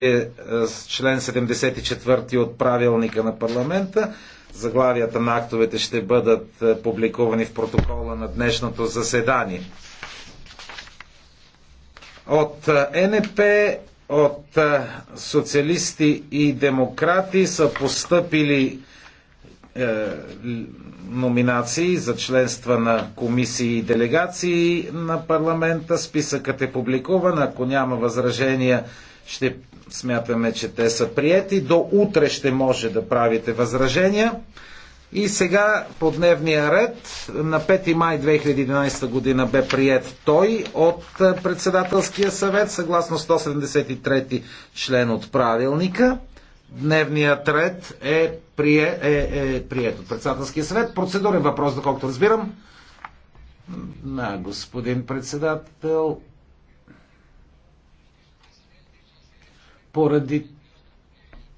Е, е, с член 74 от правилника на парламента. Заглавията на актовете ще бъдат е, публикувани в протокола на днешното заседание. От НП, от социалисти и демократи са постъпили. Е, номинации за членства на комисии и делегации на парламента. Списъкът е публикуван. Ако няма възражения, ще смятаме, че те са приети. До утре ще може да правите възражения. И сега по дневния ред на 5 май 2011 година бе прият той от председателския съвет съгласно 173 член от правилника. Дневният ред е, прие, е, е прият от председателския съвет. Процедурен въпрос, доколкото разбирам. На господин председател. Поради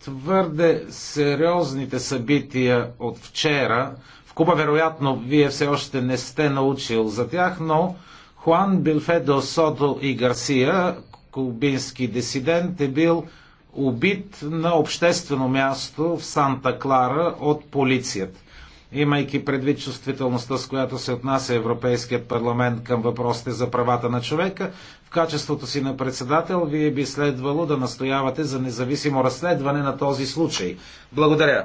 твърде сериозните събития от вчера, в Куба вероятно вие все още не сте научил за тях, но Хуан Билфедо Сото и Гарсия, кубински дисидент, е бил убит на обществено място в Санта Клара от полицията. Имайки предвид чувствителността, с която се отнася Европейският парламент към въпросите за правата на човека, в качеството си на председател, вие би следвало да настоявате за независимо разследване на този случай. Благодаря.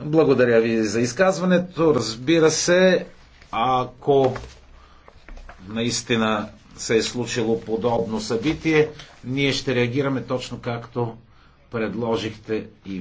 Благодаря ви за изказването. Разбира се, ако наистина се е случило подобно събитие, ние ще реагираме точно както предложихте и